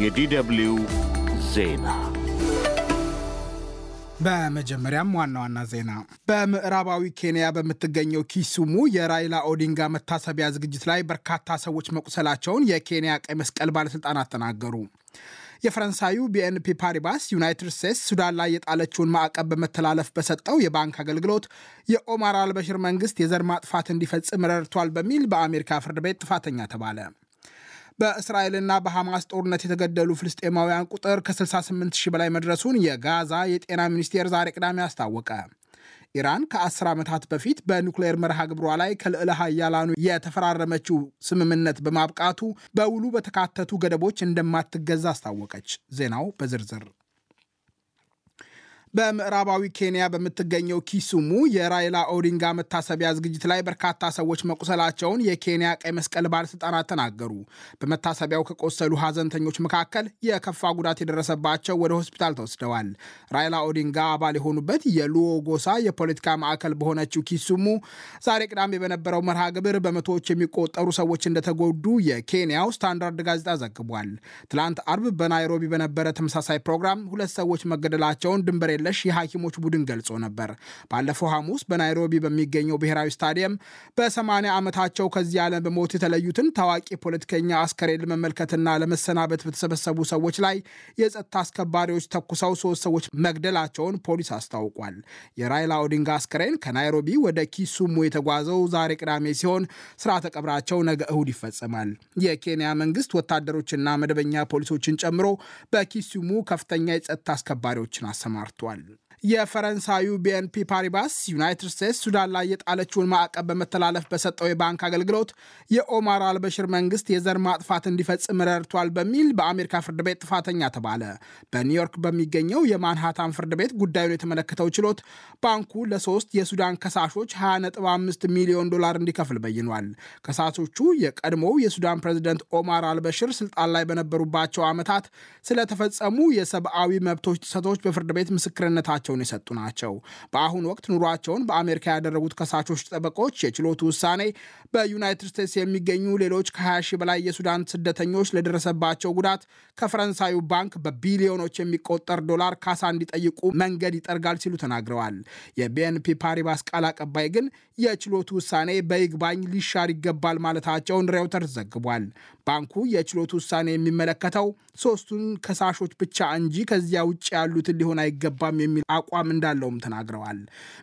የዲደብሊው ዜና በመጀመሪያም ዋና ዋና ዜና በምዕራባዊ ኬንያ በምትገኘው ኪሱሙ የራይላ ኦዲንጋ መታሰቢያ ዝግጅት ላይ በርካታ ሰዎች መቁሰላቸውን የኬንያ ቀይ መስቀል ባለሥልጣናት ተናገሩ። የፈረንሳዩ ቢኤንፒ ፓሪባስ ዩናይትድ ስቴትስ ሱዳን ላይ የጣለችውን ማዕቀብ በመተላለፍ በሰጠው የባንክ አገልግሎት የኦማር አልበሽር መንግስት የዘር ማጥፋት እንዲፈጽም ረድቷል በሚል በአሜሪካ ፍርድ ቤት ጥፋተኛ ተባለ። በእስራኤልና በሐማስ ጦርነት የተገደሉ ፍልስጤማውያን ቁጥር ከ68 ሺህ በላይ መድረሱን የጋዛ የጤና ሚኒስቴር ዛሬ ቅዳሜ አስታወቀ። ኢራን ከ10 ዓመታት በፊት በኑክሌር መርሃ ግብሯ ላይ ከልዕለ ሀያላኑ የተፈራረመችው ስምምነት በማብቃቱ በውሉ በተካተቱ ገደቦች እንደማትገዛ አስታወቀች። ዜናው በዝርዝር በምዕራባዊ ኬንያ በምትገኘው ኪሱሙ የራይላ ኦዲንጋ መታሰቢያ ዝግጅት ላይ በርካታ ሰዎች መቁሰላቸውን የኬንያ ቀይ መስቀል ባለስልጣናት ተናገሩ። በመታሰቢያው ከቆሰሉ ሀዘንተኞች መካከል የከፋ ጉዳት የደረሰባቸው ወደ ሆስፒታል ተወስደዋል። ራይላ ኦዲንጋ አባል የሆኑበት የሉዎ ጎሳ የፖለቲካ ማዕከል በሆነችው ኪሱሙ ዛሬ ቅዳሜ በነበረው መርሃ ግብር በመቶዎች የሚቆጠሩ ሰዎች እንደተጎዱ የኬንያው ስታንዳርድ ጋዜጣ ዘግቧል። ትላንት አርብ በናይሮቢ በነበረ ተመሳሳይ ፕሮግራም ሁለት ሰዎች መገደላቸውን ድንበር የለሽ የሐኪሞች ቡድን ገልጾ ነበር። ባለፈው ሐሙስ በናይሮቢ በሚገኘው ብሔራዊ ስታዲየም በሰማንያ ዓመታቸው ከዚህ ዓለም በሞት የተለዩትን ታዋቂ ፖለቲከኛ አስከሬን ለመመልከትና ለመሰናበት በተሰበሰቡ ሰዎች ላይ የጸጥታ አስከባሪዎች ተኩሰው ሶስት ሰዎች መግደላቸውን ፖሊስ አስታውቋል። የራይላ ኦዲንጋ አስከሬን ከናይሮቢ ወደ ኪሱሙ የተጓዘው ዛሬ ቅዳሜ ሲሆን ስርዓተ ቀብራቸው ነገ እሁድ ይፈጸማል። የኬንያ መንግስት ወታደሮችና መደበኛ ፖሊሶችን ጨምሮ በኪሱሙ ከፍተኛ የጸጥታ አስከባሪዎችን አሰማርቷል። étoiles. የፈረንሳዩ ቢኤንፒ ፓሪባስ ዩናይትድ ስቴትስ ሱዳን ላይ የጣለችውን ማዕቀብ በመተላለፍ በሰጠው የባንክ አገልግሎት የኦማር አልበሽር መንግስት የዘር ማጥፋት እንዲፈጽም ረድቷል በሚል በአሜሪካ ፍርድ ቤት ጥፋተኛ ተባለ። በኒውዮርክ በሚገኘው የማንሃታን ፍርድ ቤት ጉዳዩን የተመለከተው ችሎት ባንኩ ለሶስት የሱዳን ከሳሾች 25 ሚሊዮን ዶላር እንዲከፍል በይኗል። ከሳሾቹ የቀድሞው የሱዳን ፕሬዝደንት ኦማር አልበሽር ስልጣን ላይ በነበሩባቸው ዓመታት ስለተፈጸሙ የሰብአዊ መብቶች ጥሰቶች በፍርድ ቤት ምስክርነታቸው ቃላቸውን የሰጡ ናቸው። በአሁኑ ወቅት ኑሯቸውን በአሜሪካ ያደረጉት ከሳቾች ጠበቆች የችሎቱ ውሳኔ በዩናይትድ ስቴትስ የሚገኙ ሌሎች ከ20 ሺህ በላይ የሱዳን ስደተኞች ለደረሰባቸው ጉዳት ከፈረንሳዩ ባንክ በቢሊዮኖች የሚቆጠር ዶላር ካሳ እንዲጠይቁ መንገድ ይጠርጋል ሲሉ ተናግረዋል። የቢኤንፒ ፓሪባስ ቃል አቀባይ ግን የችሎቱ ውሳኔ በይግባኝ ሊሻር ይገባል ማለታቸውን ሬውተርስ ዘግቧል። ባንኩ የችሎት ውሳኔ የሚመለከተው ሶስቱን ከሳሾች ብቻ እንጂ ከዚያ ውጭ ያሉትን ሊሆን አይገባም የሚል አቋም እንዳለውም ተናግረዋል።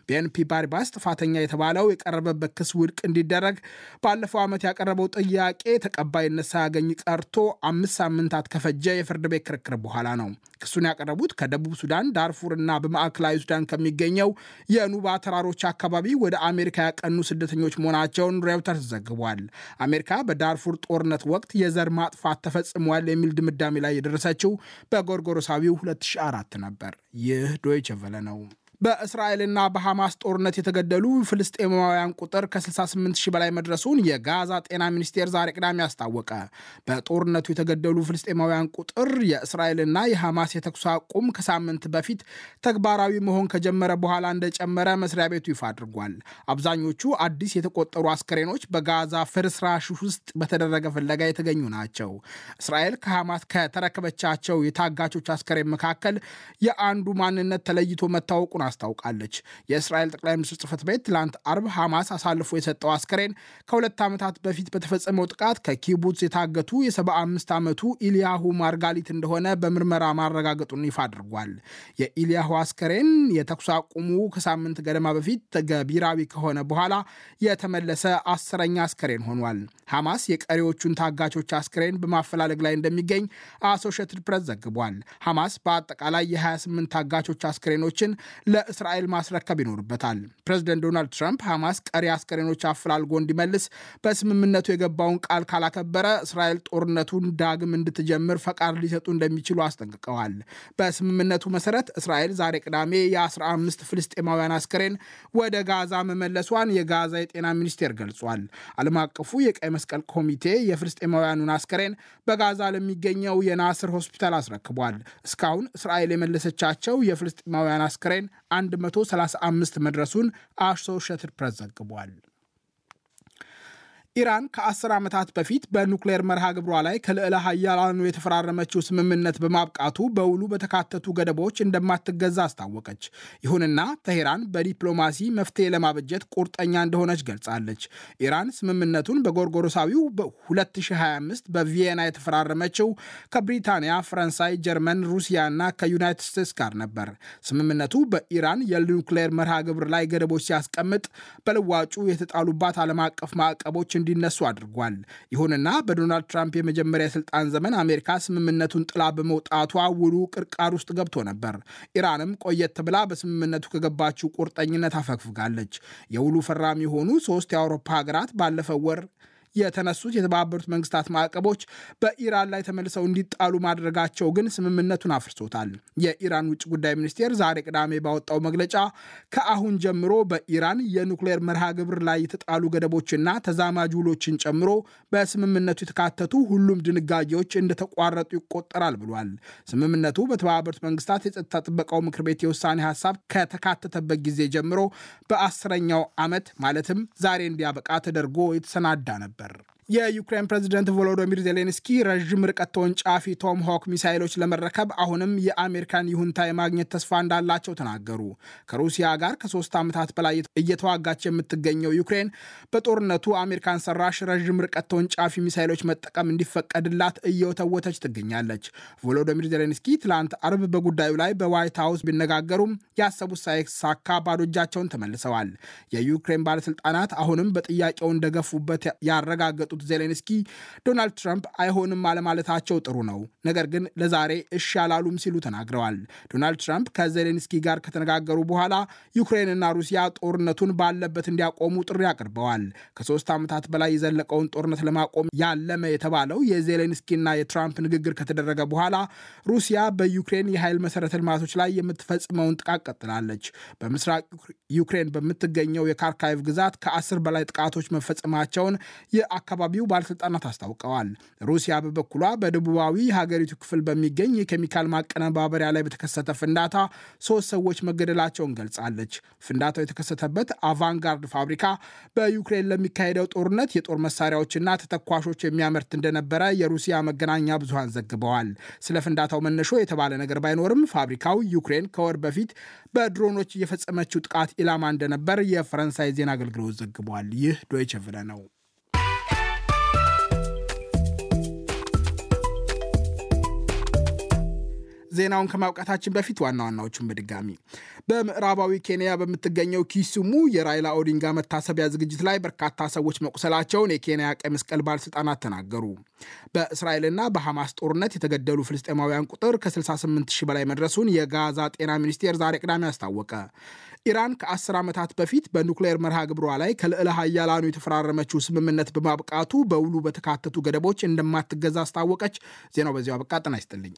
ቢኤንፒ ባሪባስ ጥፋተኛ የተባለው የቀረበበት ክስ ውድቅ እንዲደረግ ባለፈው ዓመት ያቀረበው ጥያቄ ተቀባይነት ሳያገኝ ቀርቶ አምስት ሳምንታት ከፈጀ የፍርድ ቤት ክርክር በኋላ ነው። ክሱን ያቀረቡት ከደቡብ ሱዳን ዳርፉር እና በማዕከላዊ ሱዳን ከሚገኘው የኑባ ተራሮች አካባቢ ወደ አሜሪካ ያቀኑ ስደተኞች መሆናቸውን ሬውተርስ ዘግቧል። አሜሪካ በዳርፉር ጦርነት ወቅት የዘር ማጥፋት ተፈጽሟል የሚል ድምዳሜ ላይ የደረሰችው በጎርጎሮሳዊው 2004 ነበር። ይህ ዶይቸ ቨለ ነው። በእስራኤልና በሐማስ ጦርነት የተገደሉ ፍልስጤማውያን ቁጥር ከ68 ሺህ በላይ መድረሱን የጋዛ ጤና ሚኒስቴር ዛሬ ቅዳሜ አስታወቀ። በጦርነቱ የተገደሉ ፍልስጤማውያን ቁጥር የእስራኤልና የሐማስ የተኩስ አቁም ከሳምንት በፊት ተግባራዊ መሆን ከጀመረ በኋላ እንደጨመረ መስሪያ ቤቱ ይፋ አድርጓል። አብዛኞቹ አዲስ የተቆጠሩ አስከሬኖች በጋዛ ፍርስራሽ ውስጥ በተደረገ ፍለጋ የተገኙ ናቸው። እስራኤል ከሐማስ ከተረከበቻቸው የታጋቾች አስከሬን መካከል የአንዱ ማንነት ተለይቶ ናቸው። አስታውቃለች። የእስራኤል ጠቅላይ ሚኒስትር ጽህፈት ቤት ትላንት አርብ ሐማስ አሳልፎ የሰጠው አስከሬን ከሁለት ዓመታት በፊት በተፈጸመው ጥቃት ከኪቡትስ የታገቱ የ75 ዓመቱ ኢልያሁ ማርጋሊት እንደሆነ በምርመራ ማረጋገጡን ይፋ አድርጓል። የኢልያሁ አስከሬን የተኩስ አቁሙ ከሳምንት ገደማ በፊት ገቢራዊ ከሆነ በኋላ የተመለሰ አስረኛ አስከሬን ሆኗል። ሐማስ የቀሪዎቹን ታጋቾች አስከሬን በማፈላለግ ላይ እንደሚገኝ አሶሽየትድ ፕሬስ ዘግቧል። ሐማስ በአጠቃላይ የ28 ታጋቾች አስከሬኖችን ለ ለእስራኤል ማስረከብ ይኖርበታል። ፕሬዚደንት ዶናልድ ትራምፕ ሐማስ ቀሪ አስከሬኖች አፈላልጎ እንዲመልስ በስምምነቱ የገባውን ቃል ካላከበረ እስራኤል ጦርነቱን ዳግም እንድትጀምር ፈቃድ ሊሰጡ እንደሚችሉ አስጠንቅቀዋል። በስምምነቱ መሰረት እስራኤል ዛሬ ቅዳሜ የ15 ፍልስጤማውያን አስከሬን ወደ ጋዛ መመለሷን የጋዛ የጤና ሚኒስቴር ገልጿል። ዓለም አቀፉ የቀይ መስቀል ኮሚቴ የፍልስጤማውያኑን አስከሬን በጋዛ ለሚገኘው የናስር ሆስፒታል አስረክቧል። እስካሁን እስራኤል የመለሰቻቸው የፍልስጤማውያን አስከሬን 135 መድረሱን አሶሺየትድ ፕሬስ ዘግቧል። ኢራን ከአስር ዓመታት በፊት በኑክሌር መርሃ ግብሯ ላይ ከልዕለ ሀያላኑ የተፈራረመችው ስምምነት በማብቃቱ በውሉ በተካተቱ ገደቦች እንደማትገዛ አስታወቀች። ይሁንና ተሄራን በዲፕሎማሲ መፍትሄ ለማበጀት ቁርጠኛ እንደሆነች ገልጻለች። ኢራን ስምምነቱን በጎርጎሮሳዊው 2025 በቪየና የተፈራረመችው ከብሪታንያ፣ ፈረንሳይ፣ ጀርመን፣ ሩሲያ እና ከዩናይትድ ስቴትስ ጋር ነበር። ስምምነቱ በኢራን የኑክሌር መርሃ ግብር ላይ ገደቦች ሲያስቀምጥ በልዋጩ የተጣሉባት ዓለም አቀፍ ማዕቀቦች እንዲ እንዲነሱ አድርጓል። ይሁንና በዶናልድ ትራምፕ የመጀመሪያ የስልጣን ዘመን አሜሪካ ስምምነቱን ጥላ በመውጣቷ ውሉ ቅርቃር ውስጥ ገብቶ ነበር። ኢራንም ቆየት ብላ በስምምነቱ ከገባችው ቁርጠኝነት አፈግፍጋለች። የውሉ ፈራሚ የሆኑ ሶስት የአውሮፓ ሀገራት ባለፈው ወር የተነሱት የተባበሩት መንግስታት ማዕቀቦች በኢራን ላይ ተመልሰው እንዲጣሉ ማድረጋቸው ግን ስምምነቱን አፍርሶታል። የኢራን ውጭ ጉዳይ ሚኒስቴር ዛሬ ቅዳሜ ባወጣው መግለጫ ከአሁን ጀምሮ በኢራን የኑክሌር መርሃ ግብር ላይ የተጣሉ ገደቦችና ተዛማጅ ውሎችን ጨምሮ በስምምነቱ የተካተቱ ሁሉም ድንጋጌዎች እንደተቋረጡ ይቆጠራል ብሏል። ስምምነቱ በተባበሩት መንግስታት የጸጥታ ጥበቃው ምክር ቤት የውሳኔ ሀሳብ ከተካተተበት ጊዜ ጀምሮ በአስረኛው ዓመት ማለትም ዛሬ እንዲያበቃ ተደርጎ የተሰናዳ ነበር። per የዩክሬን ፕሬዝደንት ቮሎዶሚር ዜሌንስኪ ረዥም ርቀት ተወንጫፊ ቶም ሆክ ሚሳይሎች ለመረከብ አሁንም የአሜሪካን ይሁንታ የማግኘት ተስፋ እንዳላቸው ተናገሩ። ከሩሲያ ጋር ከሶስት ዓመታት በላይ እየተዋጋች የምትገኘው ዩክሬን በጦርነቱ አሜሪካን ሰራሽ ረዥም ርቀት ተወንጫፊ ሚሳይሎች መጠቀም እንዲፈቀድላት እየወተወተች ትገኛለች። ቮሎዶሚር ዜሌንስኪ ትላንት አርብ በጉዳዩ ላይ በዋይት ሀውስ ቢነጋገሩም ያሰቡት ሳይሳካ ባዶ እጃቸውን ተመልሰዋል። የዩክሬን ባለስልጣናት አሁንም በጥያቄው እንደገፉበት ያረጋገጡ የጠየቁት ዜሌንስኪ ዶናልድ ትራምፕ አይሆንም አለማለታቸው ጥሩ ነው፣ ነገር ግን ለዛሬ እሺ አላሉም ሲሉ ተናግረዋል። ዶናልድ ትራምፕ ከዜሌንስኪ ጋር ከተነጋገሩ በኋላ ዩክሬንና ሩሲያ ጦርነቱን ባለበት እንዲያቆሙ ጥሪ አቅርበዋል። ከሶስት ዓመታት በላይ የዘለቀውን ጦርነት ለማቆም ያለመ የተባለው የዜሌንስኪና የትራምፕ ንግግር ከተደረገ በኋላ ሩሲያ በዩክሬን የኃይል መሰረተ ልማቶች ላይ የምትፈጽመውን ጥቃት ቀጥላለች። በምስራቅ ዩክሬን በምትገኘው የካርካይቭ ግዛት ከአስር በላይ ጥቃቶች መፈጸማቸውን የአካባቢ የአካባቢው ባለስልጣናት አስታውቀዋል። ሩሲያ በበኩሏ በደቡባዊ የሀገሪቱ ክፍል በሚገኝ የኬሚካል ማቀነባበሪያ ላይ በተከሰተ ፍንዳታ ሶስት ሰዎች መገደላቸውን ገልጻለች። ፍንዳታው የተከሰተበት አቫንጋርድ ፋብሪካ በዩክሬን ለሚካሄደው ጦርነት የጦር መሳሪያዎችና ተተኳሾች የሚያመርት እንደነበረ የሩሲያ መገናኛ ብዙሃን ዘግበዋል። ስለ ፍንዳታው መነሾ የተባለ ነገር ባይኖርም ፋብሪካው ዩክሬን ከወር በፊት በድሮኖች እየፈጸመችው ጥቃት ኢላማ እንደነበር የፈረንሳይ ዜና አገልግሎት ዘግቧል። ይህ ዶይቸ ቬለ ነው። ዜናውን ከማብቃታችን በፊት ዋና ዋናዎቹን በድጋሚ በምዕራባዊ ኬንያ በምትገኘው ኪሱሙ የራይላ ኦዲንጋ መታሰቢያ ዝግጅት ላይ በርካታ ሰዎች መቁሰላቸውን የኬንያ ቀይ መስቀል ባለስልጣናት ተናገሩ። በእስራኤልና በሐማስ ጦርነት የተገደሉ ፍልስጤማውያን ቁጥር ከ68 ሺህ በላይ መድረሱን የጋዛ ጤና ሚኒስቴር ዛሬ ቅዳሜ አስታወቀ። ኢራን ከ10 ዓመታት በፊት በኑክሌር መርሃ ግብሯ ላይ ከልዕለ ሀያላኑ የተፈራረመችው ስምምነት በማብቃቱ በውሉ በተካተቱ ገደቦች እንደማትገዛ አስታወቀች። ዜናው በዚያው አበቃ። ጤና ይስጥልኝ።